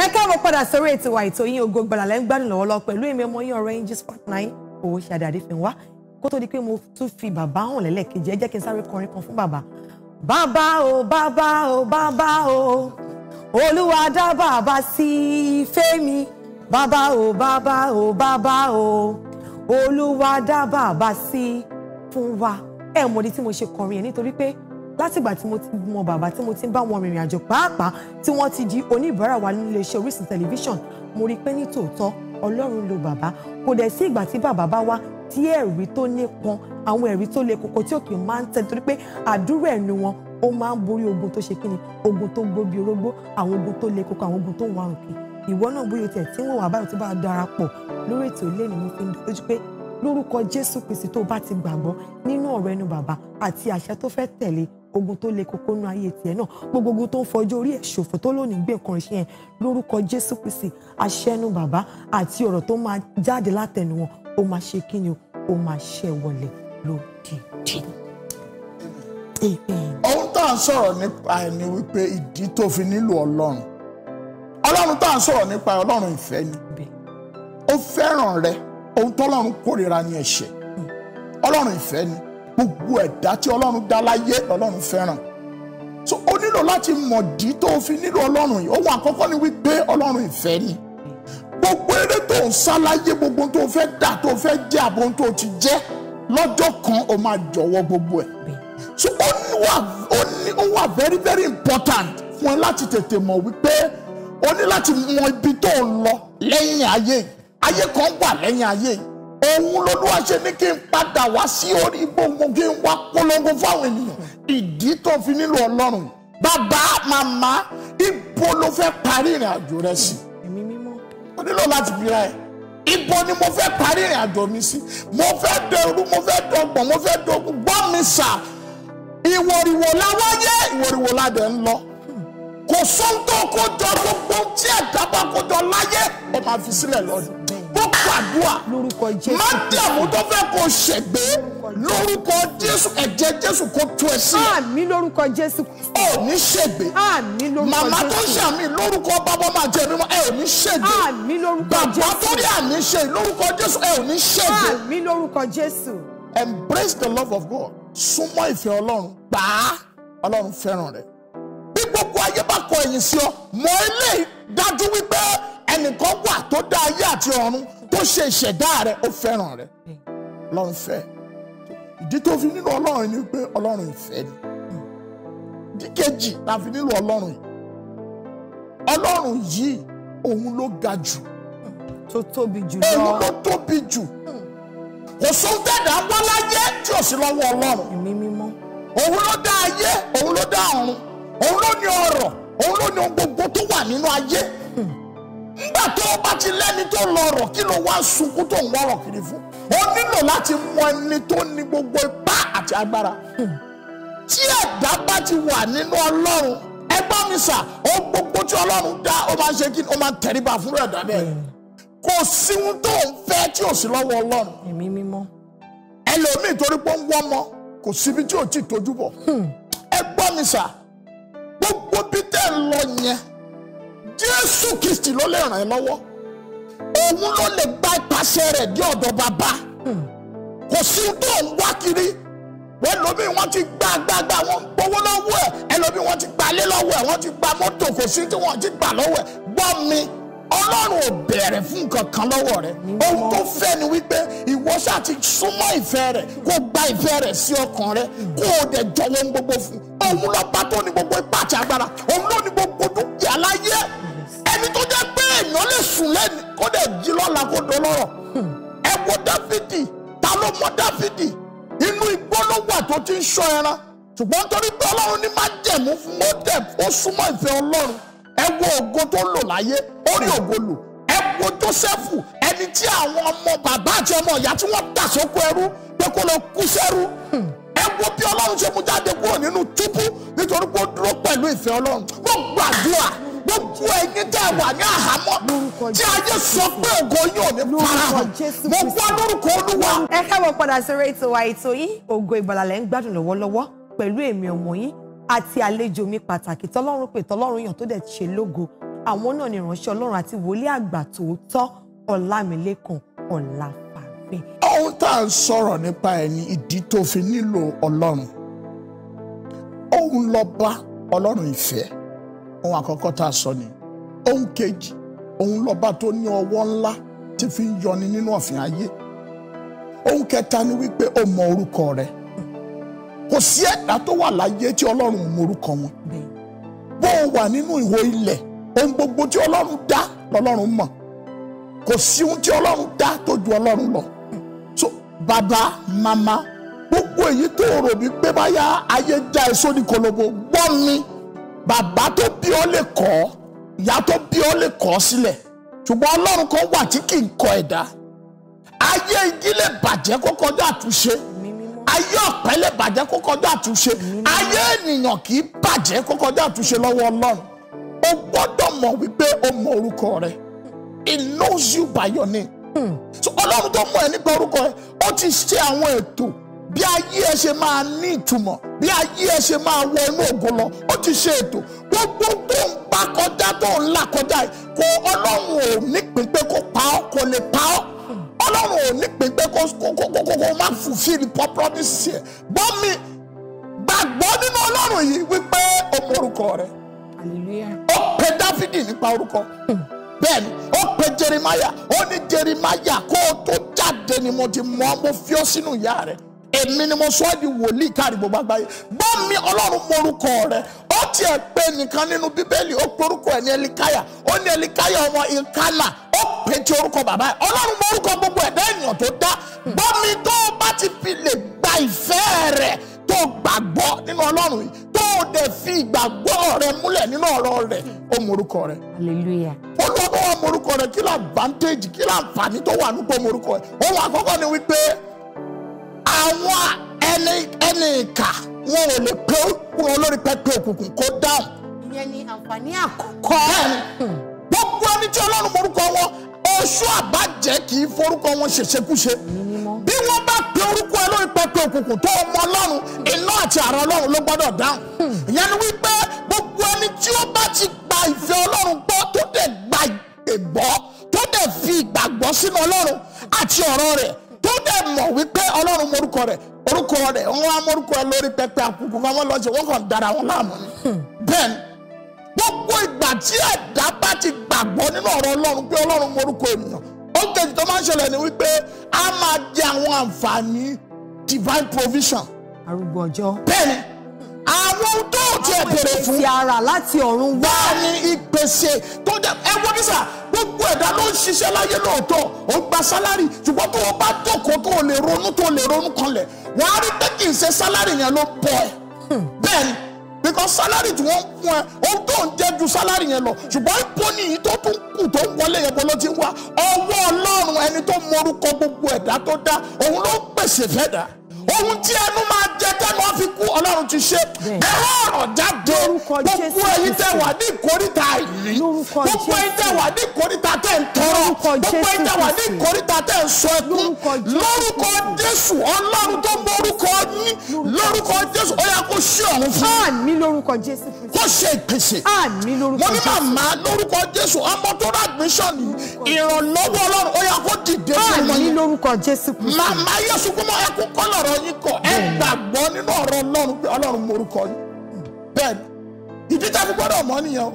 ẹ káàbọ̀ padà sórí ètò wa ètò yín Ògo Ìgbàlà lẹ́ ń gbádùn lọ́wọ́lọ́wọ́ pẹ̀lú èmi ọmọ yín ọ̀rẹ́ yín jí sport nine owó ṣe àdàdé fi wá kó tó di pé mo tún fi bàbá hàn lẹ́lẹ́kejì ẹ jẹ́ kí n sáré kọrin kan fún bàbá. bàbá o bàbá o bàbá o olúwa dá bàbá sí fẹ́mi bàbá o bàbá o bàbá o olúwa dá bàbá sí fún wa ẹ mọ̀ ní tí mo ṣe kọrin yẹn nítorí pé látìgbà tí mo ti mọ bàbá tí mo ti ń bá wọn rìnrìn àjò pàápàá tí wọ́n ti di oníbàárà wa nílé iṣẹ́ Orísun tẹlifíṣàn mo rí i pé ní tòótọ́ Ọlọ́run lo bàbá kò dẹ̀ sí ìgbà tí bàbá bá wá tí ẹ̀rí tó nípọn àwọn ẹ̀rí tó le koko tí òkè máa ń tẹ̀ torí pé àdúrà ẹnu wọn ó máa ń borí ogun tó ṣe kíni ogun tó ń gbó bí orógbó àwọn ogun tó le koko àwọn ogun tó ń wá òkè ìwọ náà bóyá tẹ̀ tí wọ́n wà báyìí tó bá darapọ̀ lórí ètò ilé ni mo fi ń pé lórúkọ Jésù Kristi tó bá ti gbàgbọ́ nínú ọ̀rọ̀ ẹnu bàbá àti àṣẹ tó fẹ́ tẹ̀lé ogun tó le koko nú ayé tiẹ̀ náà gbogbo ogun tó ń fọjọ́ orí ẹ̀ ṣòfò tó lónìí gbé nǹkan ìṣe yẹn lórúkọ Jésù Kristi aṣẹ́nu bàbá àti ọ̀rọ̀ tó máa jáde látẹnu wọn ó máa ṣe kí ni ó máa ṣẹ́ wọlé lódìdí. ohun tá à ń sọ̀rọ̀ nípa ẹ̀ ni wípé ìdí tó fi nílò Ọlọ́run Ọlọ́run tá à ń sọ̀rọ̀ nípa Ọlọ́run ìfẹ́ ni ó fẹ́ràn rẹ ohun tọ́lọ́run kórìíra ni ẹ̀ṣẹ̀ hmm. Ọlọ́run ìfẹ́ ni gbogbo ẹ̀dá tí ọlọ́run dá láyé ọlọ́run fẹ́ràn so ó nílò láti mọ̀dí tó o fi nílò ọlọ́run yìí ohun àkọ́kọ́ ni wípé ọlọ́run ìfẹ́ ni gbogbo eré tó ń sá láyé gbogbo tó fẹ́ dà tó fẹ́ jẹ́ àbò tó ti jẹ́ lọ́jọ́ kan o máa jọ̀wọ́ gbogbo ẹ̀ so ó wà ó ní ó wà very very important fún ẹ láti tètè mọ̀ wípé o ní láti mọ ibi tó ń lọ lẹ́yìn ayé ayé kan wà lẹ́yìn ayé yìí òun lolúwa ṣe ní kí n padà wá sí orí gbogbo kí n wá polongo fáwọn ènìyàn ìdí tó fi nílò ọlọ́run bàbá màmá ibo ló fẹ́ parí ìrìn àjò rẹ sí o nílò láti bira ẹ ibo ni mo fẹ́ parí ìrìn àjò mi sí mo fẹ́ dẹrù mo fẹ́ dọgbọ̀n mo fẹ́ dogun gbọ́ mi sà ìwòrìwò láwáyé ìwòrìwò ládẹ ń lọ kò sóhun tó kó jọ gbogbo tí ẹ̀dá bá kó jọ láyé ẹ̀ máa fi sílẹ̀ lọ́dún gbàdúrà má tó fẹ́ kó ṣègbé lórúkọ jésù ẹ̀jẹ̀ jésù kó tú ẹ sí. àmín lórúkọ jésù. ẹ ní ṣègbé. màmá tó ṣe àmì lórúkọ bàbá máa jẹ mímọ́ ẹ ò ní ṣègbé. bàbá tó rí àmì ṣe lórúkọ jésù ẹ ò ní ṣègbé. àmín lórúkọ jésù. embrace the love of God súnmọ́ ìfẹ́ ọlọ́run gbàá ọlọ́run fẹ́ràn rẹ̀ bí gbogbo ayé bá kọ ẹ̀yìn sí ọ mọ ilé dájú wípé ẹnìkan wà tó dá ayé àti ọ̀run tó ṣe ìṣẹ̀dá rẹ ó fẹ́ràn rẹ ọlọ́run fẹ́ ìdí tó fi nílò ọlọ́run ni pé ọlọ́run ìfẹ́ ni ìdí kejì la fi nílò ọlọ́run yìí ọlọ́run yìí òun ló ga jù tó tóbi jù lọ òun ló tóbi jù kò sóhun tẹ̀dá wá láyé tí ò sí lọ́wọ́ ọlọ́run ẹ̀mí mímọ́ òun ló dá ayé òun ló dá ọ̀run òun ló ní ọrọ̀ òun ló ní ohun gbogbo tó wà nínú ayé nígbà tó o bá ti lẹ́ni tó lọ rọ̀ kí ló wá sunkún tó ń wọ́rọ̀ kiri fún o nílò láti mọ ẹni tó ní gbogbo ipá àti agbára hmm. tí ẹ̀dá bá ti wà nínú ọlọ́run ẹgbọ́n mi sà ó gbogbo tí ọlọ́run dá ó máa ṣe kí ni ó máa tẹríba fún ẹ̀dá bẹ́ẹ̀ kò sí ohun tó ń fẹ́ tí ò sí lọ́wọ́ ọlọ́run ẹ̀mí mímọ́ ẹlòmíì torí pé ó ń wọ́mọ kò síbi tí ò tí ì tójú bọ̀ hmm. ẹgbọ́n mi sà gbogbo bí tẹ́ ń lọ yẹn jésù kristi ló lè ràn ẹ́ lọ́wọ́ òun ló lè gba ipasẹ̀ rẹ̀ dé ọ̀dọ̀ bàbá kò sí tó ń wá kiri wọ́n lómi wọ́n ti gbá gbágbá wọ́n gbowó lọ́wọ́ ẹ̀ ẹlòmí wọ́n ti gbalé lọ́wọ́ ẹ̀ wọ́n ti gba mọ́tò kò sí tí wọ́n ti gbà lọ́wọ́ ẹ̀ gbọ́ mi ọlọ́run ò bẹ̀rẹ̀ fún nǹkan kan lọ́wọ́ rẹ̀ ohun tó fẹ́ ni wípé ìwọ ṣáà ti súnmọ́ ìfẹ́ rẹ̀ kó gba ìfẹ́ rẹ̀ sí ọkàn rẹ̀ kó o dẹ̀ jọ̀wọ́ gbogbo fún òun lọ́ba tó ní gbogbo ipá agbára òun ló ní èèyàn lè sùn lẹ́nu kó dẹ̀ jí lọ́la kó dolọ́rọ̀ ẹ wo dáfídì ta ló mọ dáfídì inú igbó ló wà tó ti ń ṣọ́ ẹran ṣùgbọ́n torí pé ọlọ́run ní má jẹ̀mú fún mọ́tẹ̀ ó súnmọ́ ìfẹ́ ọlọ́run ẹ wo ògo tó lò láyé ó rí ògo lò ẹ wo jósẹ́fù ẹni tí àwọn ọmọ bàbá àti ọmọ ìyá tí wọ́n dà sóko ẹrú pé kó lọ kú sẹ́rú ẹ wo bí ọlọ́run ṣe mú jáde kúrò nínú túbú nítorí pé ó dúró pẹ̀lú ìfẹ́ ọlọ́run ó gbàdúrà gbogbo ẹ̀yin tẹ́ wà ní àhámọ́ tí ayé sọ pé ògo yóò ní farahàn mo gbọ́ lórúkọ olúwa. ẹ káwọ́ padà sórí ètò wa ètò yìí ògo ìgbàlà lẹ́ ń gbádùn lọ́wọ́lọ́wọ́ pẹ̀lú èmi ọ̀wọ́n yín àti àlejò mi pàtàkì tọ́lọ́run pè tọ́lọ́run yàn tó dẹ̀ ṣe lógo àwọn náà ni ìránṣẹ́ ọlọ́run àti wòlíì àgbà tòótọ́ ọlámilẹ́kan ọláfàgbẹ́. ohun tá à ń sọ̀rọ̀ nípa ẹni ìdí tó fi nílò ọlọ́run òun lọ́ba ọlọ́run ìfẹ́ ohun àkọ́kọ́ tá a sọ ni ohun kejì òun lọ́ba tó ní ọwọ́ ńlá ti fi ń yọni nínú ọ̀fìn ayé ohun kẹta ni wípé o mọ orúkọ rẹ kò sí ẹ̀dá tó wà láyé tí ọlọ́run mọ orúkọ wọn bó o wà nínú ìwò ilẹ̀ ohun gbogbo tí ọlọ́run dá lọ́lọ́run mọ̀ kò sí ohun tí ọlọ́run dá tó ju ọlọ́run lọ so bàbá màmá gbogbo èyí tó rò wípé báyà ayé dá ẹ sódì kolobo gbọ́ mi bàbá tó bí ọ lè kọ́ ìyá tó bí ọ lè kọ́ sílẹ̀ ṣùgbọ́n ọlọ́run kan wà tí kì í kọ ẹ̀dá ayé igi lè bàjẹ́ kó kọjá àtúnṣe ayé ọ̀pẹ lè bàjẹ́ kó kọjá àtúnṣe ayé ènìyàn kì í bàjẹ́ kó kọjá àtúnṣe lọ́wọ́ ọlọ́run o gbọ́dọ̀ mọ̀ wípé o mọ orúkọ rẹ he knows you by your name hmm. so ọlọ́run tó mọ̀ ẹ́ nípa orúkọ rẹ ó ti ṣe àwọn ètò bí ayé ẹ ṣe máa ní ìtumọ̀ bí ayé ẹ ṣe máa wọ inú ògo lọ ó ti ṣe ètò gbogbo tó ń bá kọjá tó ń là kọjá yìí kò ọlọ́run ò nípìn pé kó pa ọ́ kò lè pa ọ́ ọlọ́run ò nípìn pé kó má fulfill promises yẹn bọ́ mi gbàgbọ́ nínú ọlọ́run yìí wípé o mọ orúkọ rẹ ó pe dáfídì nípa orúkọ hmm. bẹ́ẹ̀ ni ó pe jerimaya ó ní jerimaya kó o tó jáde ni mo ti mọ̀ mo fi ọ́ sínú ìyá rẹ̀. èmi ni mo sọ ẹ́ di wòlíì káàrí gbogbo àgbáyé gbọ́ mi ọlọ́run morúkọ rẹ̀ ó tiẹ̀ pé nìkan nínú bíbélì ó porúkọ ẹ̀ ní ẹlikáyà ó ní ẹlikáyà ọmọ ìkálà ó pè orúkọ bàbá ẹ̀ ọlọ́run gbogbo dá mi tó bá gba ìfẹ́ rẹ̀ tó gbàgbọ́ nínú ọlọ́run yìí tó dẹ̀ fi ìgbàgbọ́ rẹ̀ múlẹ̀ nínú ọ̀rọ̀ rẹ̀ ó morúkọ àwọn ẹni ẹni ìkà wọn ò lè pé wọn lórí pẹpẹ òkùnkùn kó dáhùn. ìyẹn ni àǹfààní àkọ́kọ́. gbogbo ẹni tí ọlọ́run morúkọ wọn oṣù àbájẹ́ kì í forúkọ wọn ṣèṣekúṣe bí wọ́n bá pe orúkọ ẹ lórí pẹpẹ òkùnkùn tó mọ ọlọ́run iná àti àrà ọlọ́run ló gbọ́dọ̀ dáhùn hmm. ìyẹn ni wípé gbogbo ẹni tí ó bá ti gba ìfẹ́ ọlọ́run gbọ́ tó dẹ̀ gba ìgbàgbọ́ tó dẹ̀ fi ìgbàgbọ́ sínú ọlọ́run àti ọ̀rọ̀ rẹ̀ tó dẹ̀ mọ̀ wípé ọlọ́run morúkọ rẹ̀ orúkọ rẹ̀ wọ́n á morúkọ ẹ lórí pẹpẹ àkùkù kan wọ́n lọ ṣe wọ́n kàn dára wọn láàmú ni. bẹ́ẹ̀ni hmm. gbogbo ìgbà tí ẹ̀dá bá ti gbàgbọ́ nínú ọ̀rọ̀ ọlọ́run pé ọlọ́run morúkọ ènìyàn ó kejì tó máa ń ṣẹlẹ̀ ni wípé a máa jẹ àwọn àǹfààní divine provision. arúgbó ọjọ́. bẹ́ẹ̀ni àwọn tó ti ẹ̀ bèrè fún. àwọn ìpèsè ara láti ọ̀run wá. bá a ní ìpèsè tó dẹ ẹ wọ bí sà gbogbo ẹ̀dá ló ń ṣiṣẹ́ láyé lóòótọ́ ó ń gba sálárì ṣùgbọ́n tó o bá jókòó tó o lè ronú tó o lè ronú kanlẹ̀ wọ́n á rí pé kì í ṣe sálárì yẹn ló pọ̀ ẹ̀ hmm. bẹ́ẹ̀ ni because sálárì tí wọ́n fún ẹ ó tó ń jẹ́ ju sálárì yẹn lọ ṣùgbọ́n ipò nìyí tó tún kù tó ń wọlé yẹn bọ́lọ́ ti ń wá ọwọ́ ọlọ́run ẹni tó mọ gbogbo ẹ̀dá tó dá òun ló pèsè fẹ́ dá ohun tí ẹnu máa jẹ tẹnu wọn fi kú Ọlọ́run ti ṣe ẹ ọ̀rọ̀ jáde gbogbo ẹ̀yin tẹ́ wà ní ìkóríta yìí gbogbo ẹ̀yin tẹ́ wà ní ìkóríta tẹ́ ń tọrọ gbogbo ẹ̀yin tẹ́ wà ní ìkóríta tẹ́ ń sọ ẹkún lórúkọ Jésù Ọlọ́run tó borúkọ ní lórúkọ Jésù ó yá kó ṣe ọ̀hún fún un. àmì lórúkọ Jésù Kristi. kó ṣe ìpèsè. àmì lórúkọ Jésù. mo ní màmá lórúkọ Jésù ọmọ tó rà admission ìrànlọ́wọ́ Ọlọ́run ó yá kó dìde fún ọmọ yẹn. àmì lórúkọ Jésù Kristi. màmá yẹ gbàgbọ́ nínú ọ̀rọ̀ ọlọ́run pé ọlọ́run morúkọ yìí bẹ́ẹ̀ ni ìdí tá a fi gbọ́dọ̀ mọ̀ nìyẹn o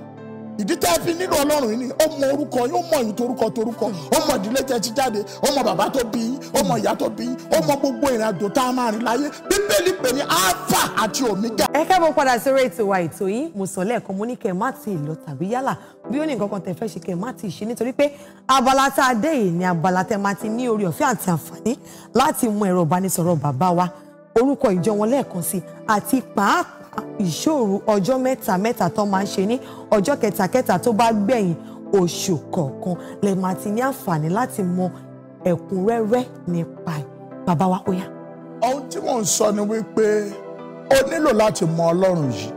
ìdí tá a fi nílò ọlọ́run yìí ni ó mọ orúkọ yìí ó mọ ìyìn torúkọ torúkọ ó mọ ìdílé tẹ́ ti jáde ó mọ bàbá tó bí ó mọ ìyá tó bí ó mọ gbogbo ìrìn àjò tá a máa rìn láyé bíbélì pè ní alpha àti omega. ẹ kẹ́ mo padà sí ètò wa ètò yìí mo sọ lẹ́ẹ̀kan mo ní kẹ́ má ti lọ tàbí yálà bí ó ní nǹkan kan tẹ́ fẹ́ ṣe kẹ́ má ti ṣe nítorí pé abala tá a dé yìí ni abala tẹ́ máa ti ní orí ọ̀fẹ́ àti àǹfààní láti mú ẹ̀rọ ìbánisọ̀rọ̀ bàbá wa orúkọ ìjọ wọn lẹ́ẹ̀kan sí àti pàápàá ìṣòro ọjọ́ mẹ́ta mẹ́ta tó máa ń ṣe ní ọjọ́ kẹtàkẹta tó bá gbẹ̀yìn oṣù kọ̀ọ̀kan lè máa ti ní àǹfààní láti mọ ẹ̀kúnrẹ́rẹ́ nípa ẹ̀ bàbá wa óyá. ohun tí mò ń sọ ni wípé o nílò láti mọ ọlọ́run yìí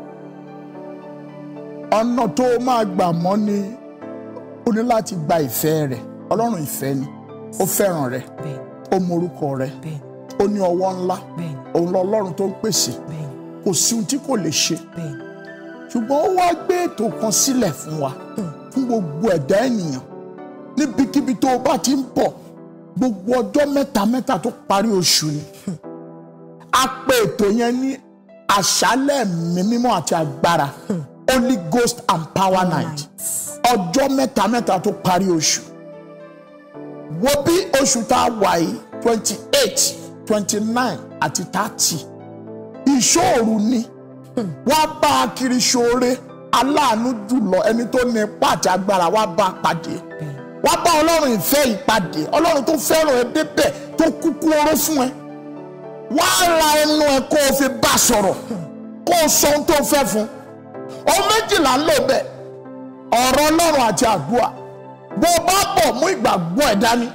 ọ̀nà tó máa gbà mọ́ ni o ní láti gba ìfẹ́ rẹ̀ ọlọ́run ìfẹ́ ni ó fẹ́ràn rẹ̀ ó mọ rẹ̀ ó ní ọwọ́ ńlá. Bẹ́ẹ̀ òun lọ Ọlọ́run tó ń pèsè kò sí ohun tí kò lè ṣe ṣùgbọ́n ó wá gbé ètò kan sílẹ̀ fún wa hmm. fún gbogbo ẹ̀dá ènìyàn níbikíbi tó o bá ti ń bọ̀ gbogbo ọjọ́ mẹ́ta mẹ́ta tó parí oṣù ni hmm. a pè ètò yẹn ní àṣálẹ̀ ẹ̀mí mímọ́ àti agbára hmm. Holy Ghost and Power Night ọjọ́ mẹ́ta mẹ́ta tó parí oṣù wo bí oṣù tá a wà yìí twenty eight twenty nine àti thirty ìṣòro ni hmm. wá bá a kiri ṣoore aláàánú jùlọ ẹni tó ní ipá àti agbára wá bá a pàdé wá bá ọlọ́run ìfẹ́ ìpàdé ọlọ́run tó fẹ́ràn ẹ débẹ̀ tó kúkú oró fún ẹ wá ra ẹnu ẹ kó o fi bá a sọ̀rọ̀ hmm. kó o sọ ohun tó o fẹ́ fún ohun méjìlá ń lò bẹ́ẹ̀ ọ̀rọ̀ ọlọ́run àti àdúrà bó o bá bọ̀ mú ìgbàgbọ́ ẹ̀ dání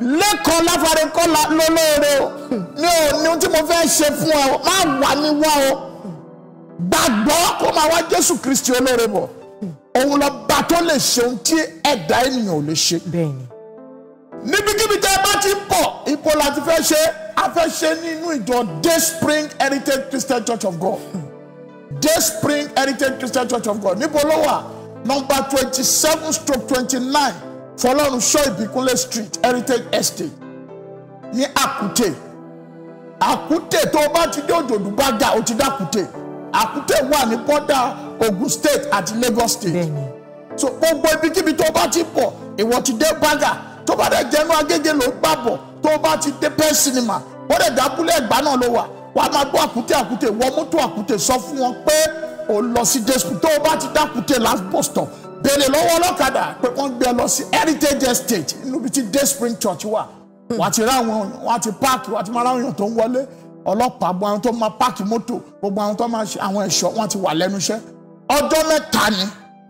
lẹ́kọ̀ọ́ láfarekọ́lá lólóore o mi ò ní ohun tí mo fẹ́ ṣe fún ẹ o má wà ní wá o gbàgbọ́ kó máa wá Jésù Kristi olóore bọ̀ òun lọ bá tó lè ṣe ohun tí ẹ̀dá ènìyàn ò lè ṣe. níbikíbi tẹ́ ẹ bá ti ń bọ̀ ipò láti fẹ́ ṣe a nínú ìjọ Day Spring Heritage Christian Church of God Day Spring Heritage Christian Church of God níbo ló wà nọ́mbà twenty seven stroke twenty nine fọlọ́run ṣọ́ ìbíkúnlé street heritage estate ní akute, akute. tó o bá ti dé òjòdú bá ga o ti dá àkúté àkúté wà ní bọ́dà Ògùn state àti Lagos state so gbogbo ibikíbi tó o bá ti pọ̀ ìwọ ti dé bága tó bá dẹ̀ jẹ́nu agége ló gbà bọ̀ tó o bá ti dé pẹ́ sinima wọ́n dẹ̀ dábúlẹ̀ ẹ̀gbá náà ló wà wàá máa gbọ́ àkúté àkúté wọ́n mú tó àkúté sọ fún wọn pé o lọ sí jésù tó o bá ti dákúté last post stop béèrè lọ́wọ́ ọlọ́kadà pé wọ́n gbé lọ sí heritage estate níbi tí day spring church wà hmm. wọ́n ti rá àwọn wọ́n ti páàkì wọ́n ti máa ráwọn èèyàn tó ń wọlé ọlọ́pàá gbogbo àwọn tó máa páàkì mọ́tò gbogbo àwọn tó máa ṣe àwọn ẹ̀ṣọ́ wọ́n ti wà lẹ́nu iṣẹ́ ọjọ́ mẹ́ta ni.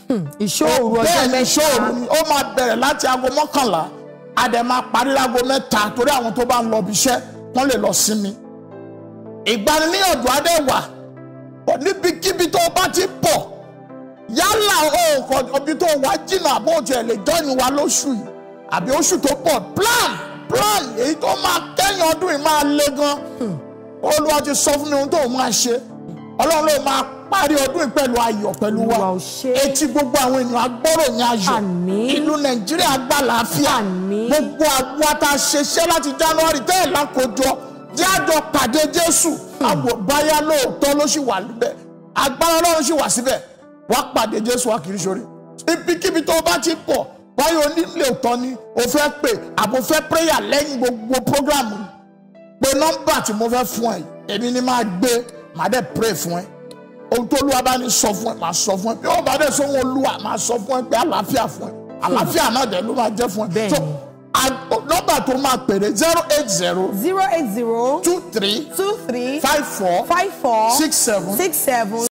Hmm, ìṣòro ọjọ́ mẹ́ta bẹ́ẹ̀ ni ìṣòro ni ó máa bẹ̀rẹ̀ láti aago mọ́kànlá a máa parí láago mẹ́ta torí àwọn tó bá ń lọ ibiṣẹ́ wọ́n lè lọ sinmi. ìgbaniníyànjú adẹ́wà níbikíbi tó bá ti pọ̀ yálà òǹkọ ibi tó wá jìnnà àbójú ẹ̀ lè jọ́yìn wa lóṣù yìí àbí oṣù tó pọ̀ plan plan èyí tó máa kẹ́yìn ọdún yìí máa le gan olúwa ti sọ fún mi ohun tó máa ṣe ọlọ́run ló máa parí ọdún yìí pẹ̀lú ayọ̀ pẹ̀lú wa etí gbogbo àwọn ènìyàn agbọ́rò ní ayọ̀ ìlú nàìjíríà gbà láàfíà gbogbo àwọn àtàṣeṣẹ́ láti january tẹ́ẹ̀ lákòjọ jẹ́ àjọ pàdé jésù hmm. àbò báyá lóòótọ́ ló sì wà níbẹ̀ agbára ọlọ́run sì wà síbẹ̀ wá pàdé jésù wá kiri sórí ibikíbi tó o bá ti pọ̀ báyọ̀ onílé òtọ́ ni o fẹ́ pè àbò fẹ́ prayer lẹ́yìn gbogbo program pé nọ́mbà tí mo fẹ́ fún ẹ èmi ni máa gbé màá dẹ̀ pray fún ẹ ohun tó olúwa bá ní sọ fún ẹ màá sọ fún ẹ bí wọn bá dẹ̀ sọ wọn olúwa màá sọ fún ẹ pé àlàáfíà fún ẹ àlàáfíà náà dẹ̀ ló máa jẹ́ fún ẹ so nọ́mbà tó máa pèrè zero eight zero. zero eight zero. two three. two three. five four. five four. six seven. six seven.